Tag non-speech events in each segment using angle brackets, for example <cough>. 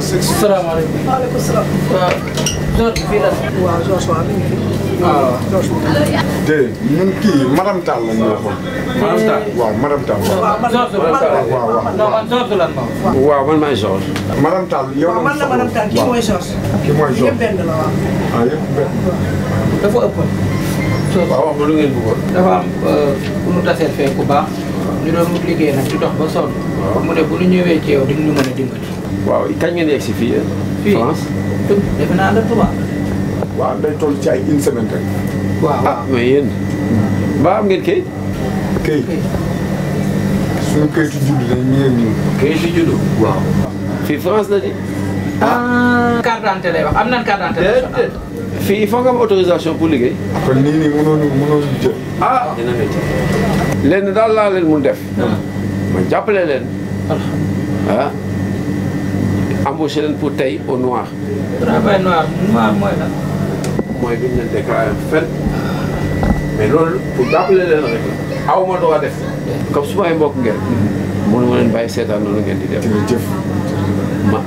salaamaaleykum. maaleykum salaam. waaw. George fii la. waaw George waaw mi ngi fi. waaw George. déedéet ñun kii madame Tall la ñu waxoon. madame Tall waaw madame Tall. waaw man George lan ma. waaw man maay George. madame Tall yow la man la madame Tall kii mooy George. kii mooy George yëpp benn la waaw. ah yëpp benn. dafa ëppoon. waaw wax ma lu ngeen bëggoon. dafa am ku mu taseel fee ku baax. ñu doon liggéey nag di dox ba sonn. mu ne bu ñu ñëwee ci yow di ñu mën a dimbali. waaw kañ ngeen yegg si fii France defe naa la tubaab waaw ci ay une semaine rek waaw ah mais yéen ba am ngeen kayit France la di ah, il faut nga am autorisation pour liggéey kon nii nii mënoon mënoon ah. daal laa leen mun def ah. ma jàppale leen ah embauché leen pour tey au noir. travail noir noir mooy lan. mooy bi ñu fen mais loolu pour jàppale leen rek aw ma doon def comme su ma mbokk ngeen. mënuma leen bàyyi seetaan loolu ngeen di def. jërëjëf. ma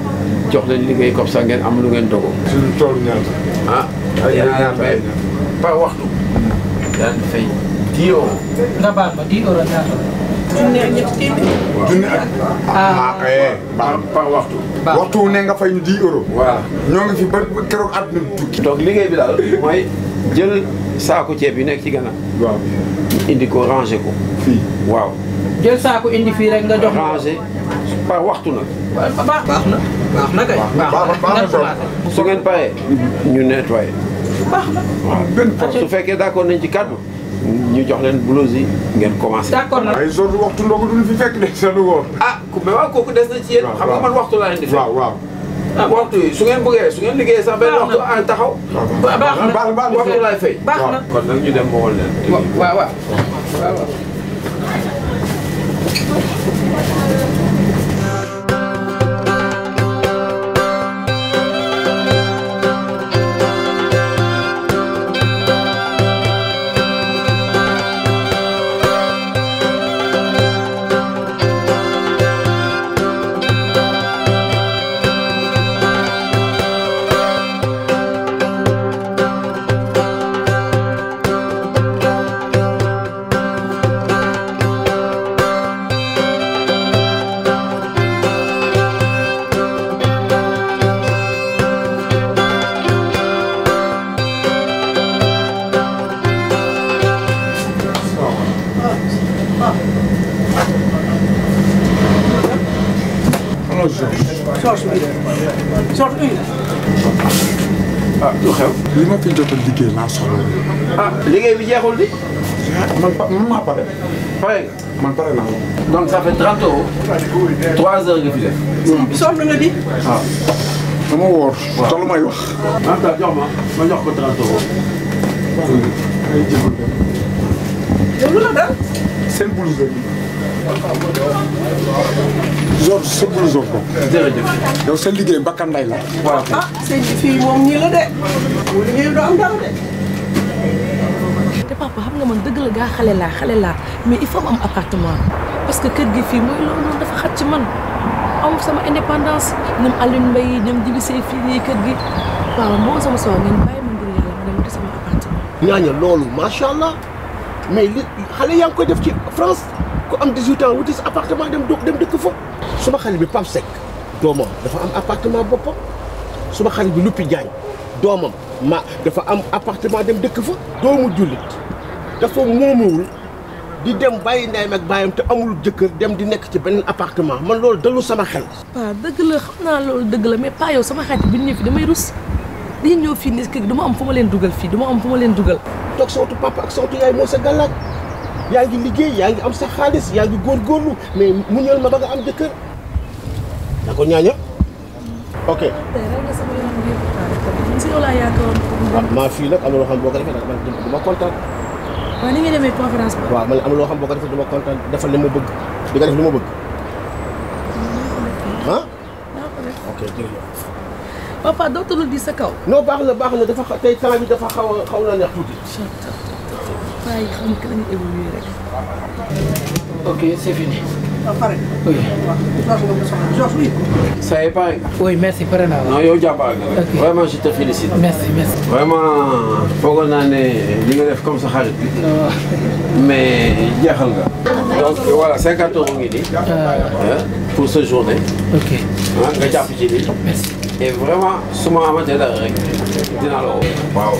jox leen liggéey comme ça ngeen am lu ngeen dogo. suñu tool ñaata. ah. ay ay par waxtu. Hmm. daan fay 10 euros. junne ah. Ah, waxtu. waxtu ne nga fay ñu 10 euros. waaw ñoo ngi fi ba keroog àdduna tukki. donc liggéey bi daal mooy jël saako ceeb yi nekk ci gannaaw. indi ko rangé ko. fii waaw. jël saako indi fii rek nga jox ma rangé par waxtu nag. baax na baax na su ngeen paree. ñu nettoyé. baax na benn su fekkee d'accord nañ ci kàddu. ñu jox leen blouse yi ngeen commencé. ay zone waxtu ndogu duñu fi fekk de <laughs> seen woor. ah ku mais kooku des na ci yéen. xam nga man waxtu laa leen di fekk waaw waaw. Ah, waxtu yi su bëggee su ngeen liggéeyee sax benn ah, taxaw. baax na baax na waxtu laay fay. baax na ñu dem ma woon leen. waaw waaw horloge soos bi soos bi ah lu xew. li ma fi jot a liggéey laa soxla. ah liggéey bi jeexul di. man pa man maa pare. pare nga. man pare naa la. donc ça fait trente euros. trois heures nga fi def. soos bi nga di. waaw. dama wóor. waaw te lu may wax. en tout cas jox ma ma jox ko trente euros. ay jëfandikoo. yow lu la dal. seen blouse bi. George sa bulu George ko. jërëjëf. yow sa liggéey mbakkanday la. waaw ah sëñ bi fii moom ñii la de. bu liggéey du am dara de. te papa xam nga man dëgg la gaa xale laa xale laa mais il faut am appartement parce que kër gi fii mooy loolu noonu dafa xat ci man am sama indépendance ñoom Alioune Mbaye ñoom Djibi Seye fii nii kër gi waaw moo sama soxla ngeen bàyyi ma ngir yàlla ma dem ci sama appartement. ñaaña loolu macha allah. mais li xale yaa ngi koy def ci France ku am 18 ans wuti sa appartement dem doog dem dëkk fa. suma xale bi Pape Seck doomam dafa am appartement boppa suma xale bi Lupi Diagne doomam ma dafa am appartement dem dëkk fa. doomu jullit dafa moomewul di dem bàyyi ndeyam ak bàyyam te amul jëkkër dem di nekk ci beneen appartement man loolu dalu sama xel. waaw dëgg la xam naa loolu dëgg la mais pas yow sama xarit bi ñu fi damay rus. dañuy ñëw fii nii kër gi du ma am fu ma leen dugal fii du ma am fu ma leen dugal. toog sawtu papa ak sawtu yaay moo sa gàllaaj yaa ngi liggéey yaa ngi am sa xaalis yaa ngi góorgóorlu mais mu ñëw ma ba am jëkkër. d' accord ñaaña ok. Ah, maa fii nag am na loo xam ne boo ko defee nag du ma kontaan. am loo xam ne boo kontaan defal li ma bëgg di nga def li ma bëgg. papa dootul di sa kaw. non baax na baax na dafa xa tey temps bi dafa xaw a xaw naa neex tuuti. waaye xam nga dañu évoluer rek. ok c'est fini. pare. oui. ça y est pare. oui merci pare naa la. non yow jàppale nga. vraiment je te félicite. merci merci. vraiment foogoon naa ne li nga def comme sa xarit bi. mais jeexal nga. donc voilà cinquante euros ngi nii. Euh. pour sa journée. ok. nga jàpp ci lii. merci. et vraiment su ma amatee dara rek dinaa la woo. waaw.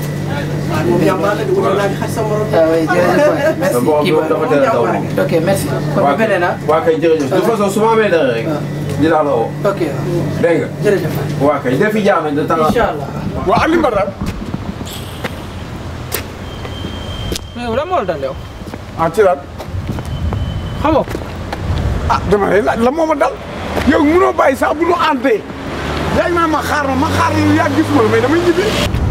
moom jàmbaar la dugg naa xaj sa morom. ah oui jërëjëf ok merci. kon bu beneen ah. waa kay jërëjëf de toute façon su ma amee dara ah. rek. dinaa la woo. ok dégg nga. jërëjëf waa kay defi jaar nañ de temps. incha allah waaw Alioune Badara. mais yow lan moo la dal yow. ah ci laat. xamoo. ah dama lay laaj lan moo ma dal. yow mënoo bàyyi sax bu ñu àndee. yaa ngi naan ma xaar ma ma xaar ma yaa gis ma mais damay ñibbi.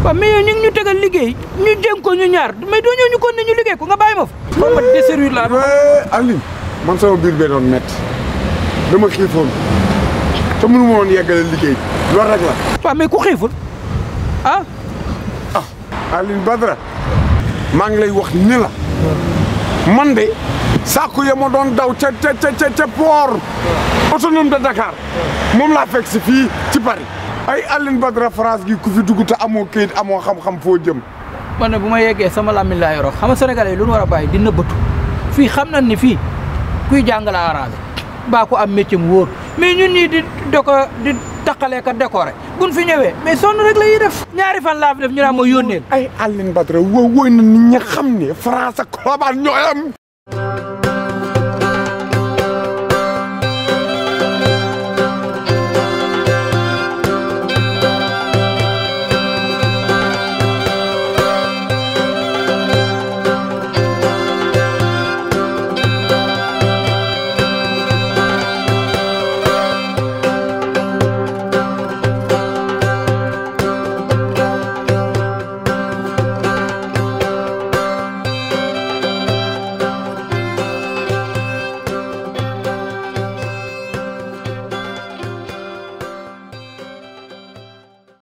waaw mais yow ñu ngi ñu tegal liggéey ñu jéng ko ñu ñaar mais doo ñëw ñu kon ne ñu liggéey ko nga bàyyi ma fa. ba eh, ma desservir laa eh, Aline man sama biir bee doon métti dama xiifoon te liggéey loolu rek la. waaw mais ku xiiful ah. ah Aline Badara maa ngi lay wax ni la man de. sàkku ya doon daw ca ca ca ca port autonome de Dakar moom la fekk si fii ci Paris. ay Aline Badara France gi ku fi dugg te amoo kayit amoo xam-xam foo jëm. man ne bu ma yeggee sama làmmiñ laa yoroo xam nga sénégalais yi lu ñu war a bàyyi dina bëtu fii xam nañ ni fii kuy jàng la arrangé baa ko am métier mu wóor ñun ñii di doko ka décoré buñ fi ñëwee mais sonn rek la ñuy ñaari fan laa fi def ñu naan ma yónneel ay Aline Badara woo wooy na nit ñi thank you